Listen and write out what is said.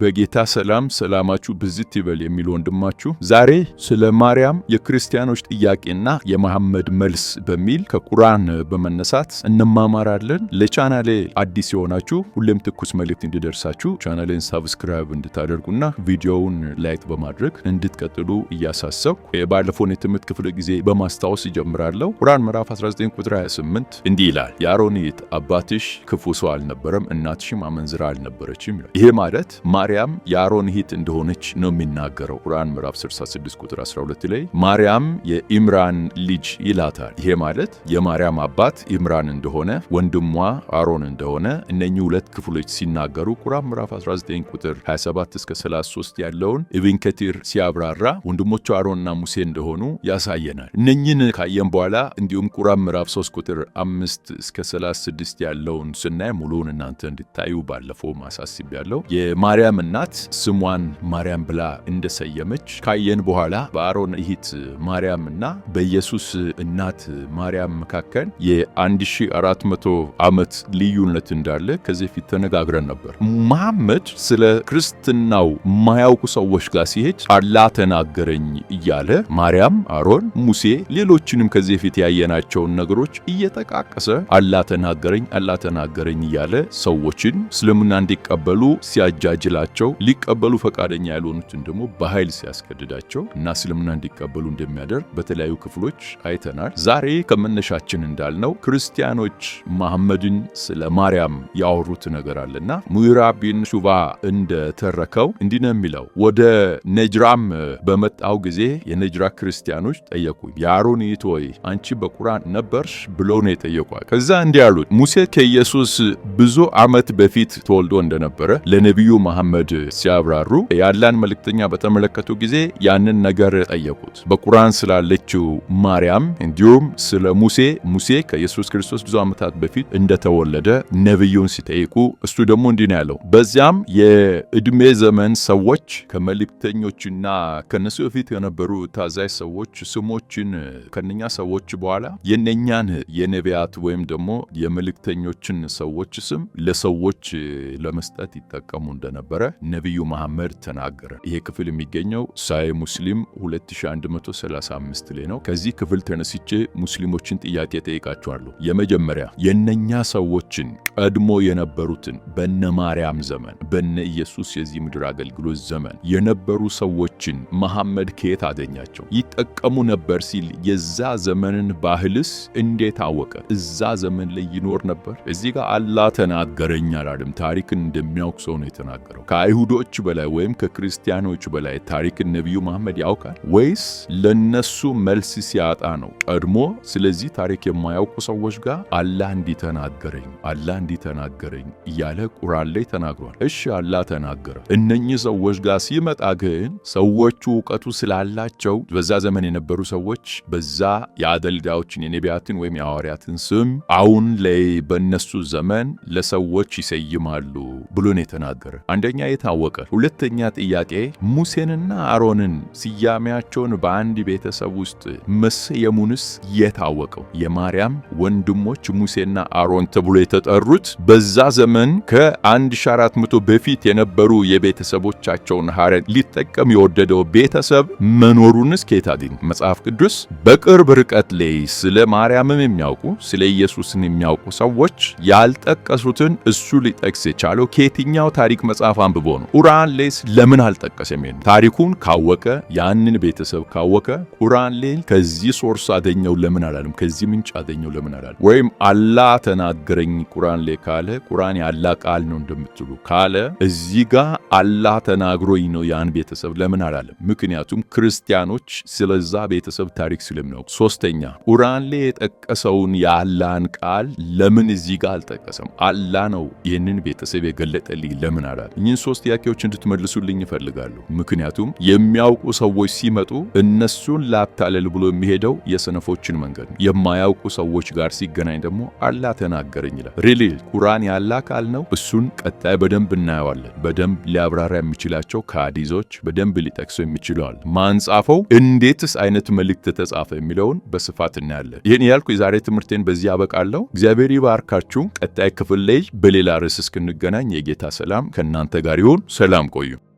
በጌታ ሰላም ሰላማችሁ ብዝት ይበል የሚል ወንድማችሁ ዛሬ ስለ ማርያም የክርስቲያኖች ጥያቄና የመሐመድ መልስ በሚል ከቁርአን በመነሳት እንማማራለን። ለቻናሌ አዲስ የሆናችሁ ሁሌም ትኩስ መልእክት እንዲደርሳችሁ ቻናሌን ሳብስክራይብ እንድታደርጉና ቪዲዮውን ላይክ በማድረግ እንድትቀጥሉ እያሳሰብኩ የባለፈውን የትምህርት ክፍለ ጊዜ በማስታወስ ይጀምራለሁ። ቁርአን ምዕራፍ 19 ቁጥር 28 እንዲህ ይላል፣ የአሮኒት አባትሽ ክፉ ሰው አልነበረም፣ እናትሽም አመንዝራ አልነበረችም ይላል። ይህ ማለት ማርያም የአሮን እህት እንደሆነች ነው የሚናገረው። ቁርአን ምዕራፍ 66 ቁጥር 12 ላይ ማርያም የኢምራን ልጅ ይላታል። ይሄ ማለት የማርያም አባት ኢምራን እንደሆነ፣ ወንድሟ አሮን እንደሆነ እነኚህ ሁለት ክፍሎች ሲናገሩ ቁርአን ምዕራፍ 19 ቁጥር 27 እስከ 33 ያለውን ኢብን ከቲር ሲያብራራ ወንድሞቹ አሮንና ሙሴ እንደሆኑ ያሳየናል። እነኚህን ካየን በኋላ እንዲሁም ቁርአን ምዕራፍ 3 ቁጥር 5 እስከ 36 ያለውን ስናይ ሙሉውን እናንተ እንድታዩ ባለፈው ማሳስብ ያለው የማርያም የማርያም እናት ስሟን ማርያም ብላ እንደሰየመች ካየን በኋላ በአሮን እህት ማርያምና በኢየሱስ እናት ማርያም መካከል የ1400 ዓመት ልዩነት እንዳለ ከዚህ ፊት ተነጋግረን ነበር። መሐመድ ስለ ክርስትናው ማያውቁ ሰዎች ጋር ሲሄድ አላ ተናገረኝ እያለ ማርያም፣ አሮን፣ ሙሴ ሌሎችንም ከዚህ ፊት ያየናቸውን ነገሮች እየጠቃቀሰ አላ ተናገረኝ አላ ተናገረኝ እያለ ሰዎችን እስልምና እንዲቀበሉ ሲያጃጅላ ሲልባቸው ሊቀበሉ ፈቃደኛ ያልሆኑትን ደግሞ በኃይል ሲያስገድዳቸው እና እስልምና እንዲቀበሉ እንደሚያደርግ በተለያዩ ክፍሎች አይተናል። ዛሬ ከመነሻችን እንዳልነው ክርስቲያኖች መሐመድን ስለ ማርያም ያወሩት ነገር አለና ሙይራ ቢን ሹባ እንደተረከው እንዲህ ነው የሚለው። ወደ ነጅራም በመጣው ጊዜ የነጅራ ክርስቲያኖች ጠየቁኝ። የአሮኒት ወይ አንቺ በቁርአን ነበርሽ ብሎ ነው የጠየቋል። ከዛ እንዲህ አሉት፣ ሙሴ ከኢየሱስ ብዙ ዓመት በፊት ተወልዶ እንደነበረ ለነቢዩ መሐመድ መሐመድ ሲያብራሩ የአላህን መልእክተኛ በተመለከቱ ጊዜ ያንን ነገር ጠየቁት። በቁርአን ስላለችው ማርያም እንዲሁም ስለ ሙሴ ሙሴ ከኢየሱስ ክርስቶስ ብዙ ዓመታት በፊት እንደተወለደ ነቢዩን ሲጠይቁ እሱ ደግሞ እንዲህ ነው ያለው። በዚያም የዕድሜ ዘመን ሰዎች ከመልእክተኞችና ከነሱ በፊት የነበሩ ታዛዥ ሰዎች ስሞችን ከነኛ ሰዎች በኋላ የነኛን የነቢያት ወይም ደግሞ የመልእክተኞችን ሰዎች ስም ለሰዎች ለመስጠት ይጠቀሙ እንደነበረ ነቢዩ መሐመድ ተናገረ። ይሄ ክፍል የሚገኘው ሳይ ሙስሊም 2135 ላይ ነው። ከዚህ ክፍል ተነስቼ ሙስሊሞችን ጥያቄ ጠይቃቸዋለሁ። የመጀመሪያ የነኛ ሰዎችን ቀድሞ የነበሩትን በነ ማርያም ዘመን በነ ኢየሱስ የዚህ ምድር አገልግሎት ዘመን የነበሩ ሰዎችን መሐመድ ከየት አገኛቸው? ይጠቀሙ ነበር ሲል የዛ ዘመንን ባህልስ እንዴት አወቀ? እዛ ዘመን ላይ ይኖር ነበር? እዚህ ጋር አላህ ተናገረኝ አላለም። ታሪክን እንደሚያውቅ ሰው ነው የተናገረው። ከአይሁዶች በላይ ወይም ከክርስቲያኖች በላይ ታሪክ ነቢዩ መሐመድ ያውቃል ወይስ ለነሱ መልስ ሲያጣ ነው? ቀድሞ ስለዚህ ታሪክ የማያውቁ ሰዎች ጋር አላህ እንዲተናገረኝ አላህ እንዲተናገረኝ እያለ ቁራን ላይ ተናግሯል። እሺ አላህ ተናገረ። እነኚህ ሰዎች ጋር ሲመጣ ግን ሰዎቹ እውቀቱ ስላላቸው በዛ ዘመን የነበሩ ሰዎች በዛ የአገልጋዮችን የነቢያትን ወይም የሐዋርያትን ስም አሁን ላይ በእነሱ ዘመን ለሰዎች ይሰይማሉ ብሎ ነው የተናገረ አንደኛ የታወቀ። ሁለተኛ ጥያቄ ሙሴንና አሮንን ስያሜያቸውን በአንድ ቤተሰብ ውስጥ መሰየሙንስ የታወቀው የማርያም ወንድሞች ሙሴና አሮን ተብሎ የተጠሩት በዛ ዘመን ከ1400 በፊት የነበሩ የቤተሰቦቻቸውን ሐረግ ሊጠቀም የወደደው ቤተሰብ መኖሩንስ ኬታዲን መጽሐፍ ቅዱስ በቅርብ ርቀት ላይ ስለ ማርያምም የሚያውቁ ስለ ኢየሱስን የሚያውቁ ሰዎች ያልጠቀሱትን እሱ ሊጠቅስ የቻለው ከየትኛው ታሪክ መጽሐፍ አንብቦ ነው። ቁርአን ሌስ ለምን አልጠቀሰም? ይሄን ታሪኩን ካወቀ ያንን ቤተሰብ ካወቀ ቁርአን ሌል ከዚህ ሶርስ አገኘው ለምን አላለም? ከዚህ ምንጭ አገኘው ለምን አላለም? ወይም አላህ ተናገረኝ ቁርአን ላይ ካለ ቁርአን ያላ ቃል ነው እንደምትሉ ካለ እዚህ ጋር አላህ ተናግሮኝ ነው ያን ቤተሰብ ለምን አላለም? ምክንያቱም ክርስቲያኖች ስለዛ ቤተሰብ ታሪክ ስለሚያውቁ። ሶስተኛ ቁርአን ላይ የጠቀሰውን የአላህን ቃል ለምን እዚህ ጋር አልጠቀሰም? አላህ ነው ይህንን ቤተሰብ የገለጠልኝ ለምን አላለም? እነኚህን ሶስት ጥያቄዎች እንድትመልሱልኝ ይፈልጋሉ ምክንያቱም የሚያውቁ ሰዎች ሲመጡ እነሱን ላታለል ብሎ የሚሄደው የሰነፎችን መንገድ ነው። የማያውቁ ሰዎች ጋር ሲገናኝ ደግሞ አላህ ተናገረኝ ይላል። ሪሊ ቁርአን ያላ ቃል ነው። እሱን ቀጣይ በደንብ እናየዋለን። በደንብ ሊያብራራ የሚችላቸው ከሀዲሶች በደንብ ሊጠቅሰው የሚችለዋል። ማን ጻፈው፣ እንዴትስ አይነት መልእክት ተጻፈ የሚለውን በስፋት እናያለን። ይህን ያልኩ የዛሬ ትምህርቴን በዚህ አበቃለሁ። እግዚአብሔር ይባርካችሁ። ቀጣይ ክፍል ላይ በሌላ ርዕስ እስክንገናኝ የጌታ ሰላም ከእናንተ Dariun selam koyuyor.